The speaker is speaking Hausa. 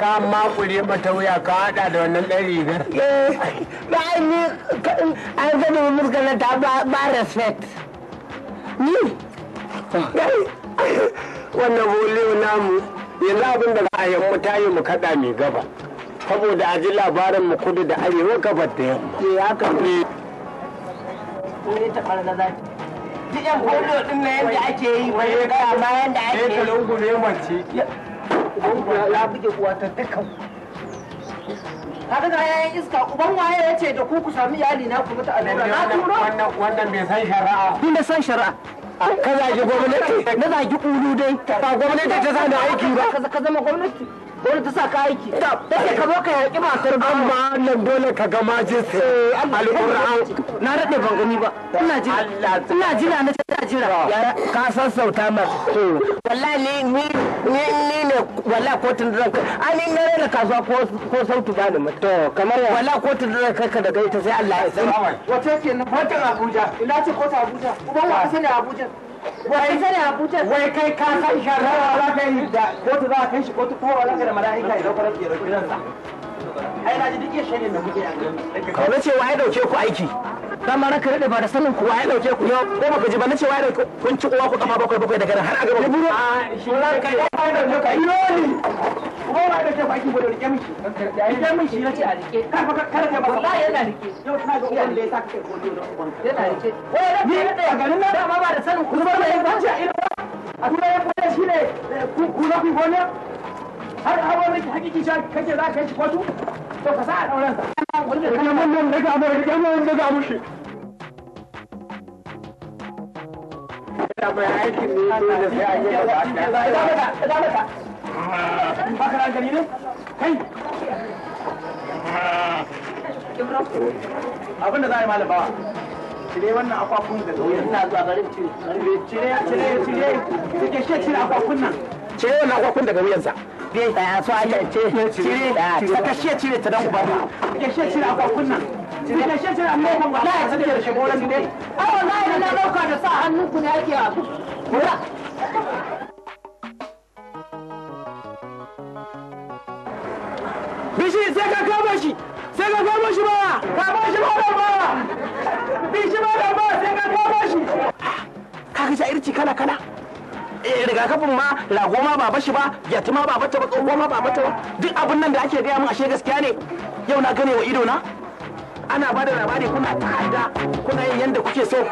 ka makure mata wuya ka hada da wannan ɗan rigar. ba eh, ni an gani mulka na ta ba respect ni wannan bolewa namu yanzu abin da za a yamma ta yi mu kaɗa mai gaba saboda a ji labarin mu kudu da arewa gabar da yamma. ke eh, haka ne. ne eh. ta ɓarga za ta. Duk yan ɗin na yadda ake yi, wani kama yadda ake yi. Ne ta lungu ne mace. uban ya buge uwa ta dukkan kaga ga yayin iska uban waye ya ce da ku ku sami iyali na ku mutu a lura na turo wannan bai san shari'a ni na san shari'a ka zagi gwamnati na zagi ulu dai ba gwamnati ta zana aiki ba ka zama gwamnati wani ta sa ka aiki ta ce ka zo ka yaƙi matar ba amma nan dole ka ga majinsa eh, alƙur'an na daɗe ban gani ba ina jira ina jira na ta jira ka san ma wallahi ni ni ni ne wallahi kotun zan kai ani na rena kasuwa ko sautu ba ni to kamar wallahi kotun kai ka daga ita sai Allah ya san wace ce na Abuja ina ce kota Abuja kuma wa sani Abuja wai sai wai kai ka san sharrawa wala kai da kotu za a kai kotu kuma wala da mala'ika ya dauka da kiransa ai na ji duk yashe ne da na ce wai dauke ku aiki dan ma ranka rade ba da sanin ku wai dauke ku yau ko baka ba na ce wai dauke kun ci uwa ku kafa bakwai bakwai daga har a gaba ku ba da ce baki ba da rike mishi rike mishi na ce a rike karfa kar ka ba yana rike yau tana ga uban da ya saka kai godiyo na uban yana rike wai da a garin nan dama ba da sanin ku ba da yan a ido a tura yan kwanci shine ku na ku gona har hawa miki hakiki sha kake za ka shi kotu to ka sa a dauran sa kana daga amma rike daga mai aikin ne sai yi da ba da ba hankali ne kai abin da za a yi malam bawa cire wannan akwakun da zuwa ina zuwa garin cire cire cire cire cire cire akwakun nan cire wannan akwakun daga wuyansa bi a so a ce cire ta kashe cire ta ah, dan uba ta kashe cire akwakun nan cire ta kashe cire amma wannan ba ya sake da shigo nan dai a ah, wallahi na dauka da sa hannun ku ne ake wa. bishi sai ka kama shi sai ka kama shi ba kama shi ba da ba bishi ba da ba sai ka kama shi kaga irci kala kala eh, rigakafin ma kafin ma ba bashi ba yati ma ba bata ba tsoho ma ba bata ba duk abin nan da ake gaya min ashe gaskiya ne yau na gane wa ido na ana ba da labari kuna ta'adda kuna yin yadda kuke so